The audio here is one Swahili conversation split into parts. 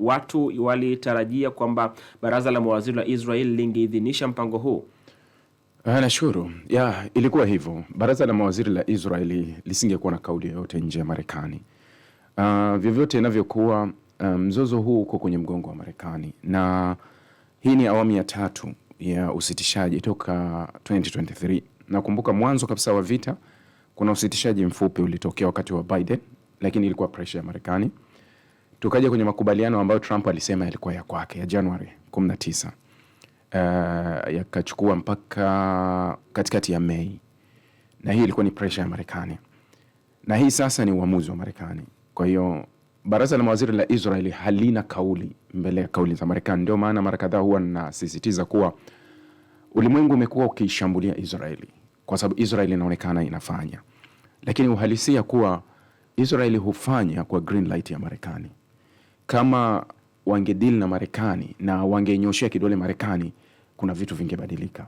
watu walitarajia kwamba baraza la mawaziri la Israel lingeidhinisha mpango huu? Ah, nashukuru ya ilikuwa hivyo, baraza la mawaziri la Israeli lisingekuwa na kauli yoyote nje ya Marekani. Uh, vyovyote inavyokuwa, ah, mzozo huu uko kwenye mgongo wa Marekani na hii ni awamu ya tatu ya usitishaji toka 2023. Nakumbuka mwanzo kabisa wa vita kuna usitishaji mfupi ulitokea wakati wa Biden, lakini ilikuwa presha ya Marekani tukaja kwenye makubaliano ambayo Trump alisema yalikuwa ya kwake ya Januari 19 uh, eh, yakachukua mpaka katikati ya Mei, na hii ilikuwa ni presha ya Marekani, na hii sasa ni uamuzi wa Marekani. Kwa hiyo baraza la mawaziri la Israeli halina kauli mbele ya kauli za Marekani. Ndio maana mara kadhaa huwa nasisitiza kuwa ulimwengu umekuwa ukiishambulia Israeli kwa sababu Israeli inaonekana inafanya, lakini uhalisia kuwa Israeli hufanya kwa green light ya Marekani kama wangedili na Marekani na wangenyoshea kidole Marekani, kuna vitu vingebadilika,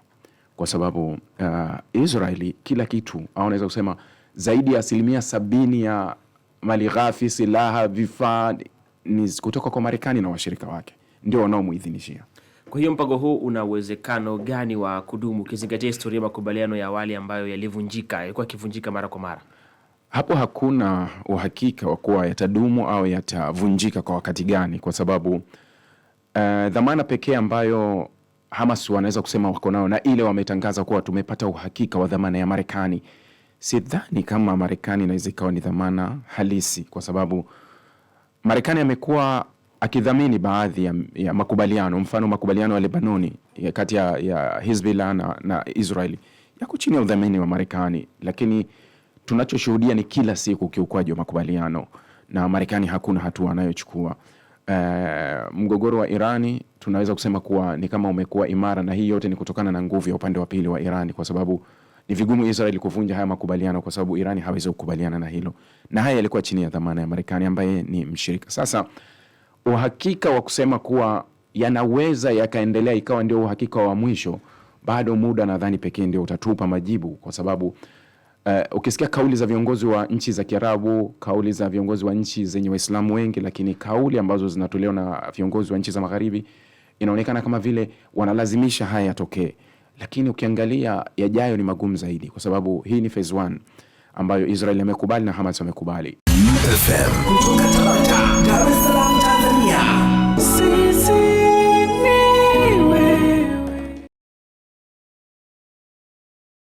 kwa sababu uh, Israeli kila kitu au naweza kusema zaidi ya asilimia sabini ya mali ghafi, silaha, vifaa ni kutoka kwa Marekani na washirika wake ndio wanaomuidhinishia. Kwa hiyo mpango huu una uwezekano gani wa kudumu, ukizingatia historia ya makubaliano ya awali ambayo yalivunjika, yalikuwa yakivunjika mara kwa mara? Hapo hakuna uhakika wa kuwa yatadumu au yatavunjika kwa wakati gani, kwa sababu uh, dhamana pekee ambayo Hamas wanaweza kusema wako nao na ile wametangaza kuwa tumepata uhakika wa dhamana ya Marekani, sidhani kama Marekani inaweza ikawa ni dhamana halisi, kwa sababu Marekani amekuwa akidhamini baadhi ya, ya makubaliano, mfano makubaliano ya Lebanoni ya kati ya, ya Hizbullah na, na Israeli yako chini ya udhamini wa Marekani, lakini tunachoshuhudia ni kila siku kiukwaji wa makubaliano na Marekani hakuna hatua anayochukua. Uh, mgogoro wa Irani tunaweza kusema kuwa ni kama umekuwa imara, na hii yote ni kutokana na nguvu ya upande wa pili wa Irani, kwa sababu ni vigumu Israel kuvunja haya makubaliano, kwa sababu Irani hawezi kukubaliana na hilo, na haya yalikuwa chini ya dhamana ya Marekani ambaye ni mshirika. Sasa uhakika wa kusema kuwa yanaweza yakaendelea ikawa ndio uhakika wa mwisho, bado muda nadhani pekee ndio utatupa majibu, kwa sababu Uh, ukisikia kauli za viongozi wa nchi za Kiarabu, kauli za viongozi wa nchi zenye Waislamu wengi, lakini kauli ambazo zinatolewa na viongozi wa nchi za Magharibi inaonekana kama vile wanalazimisha haya yatokee, lakini ukiangalia yajayo ni magumu zaidi, kwa sababu hii ni phase one ambayo Israel amekubali na Hamas amekubali.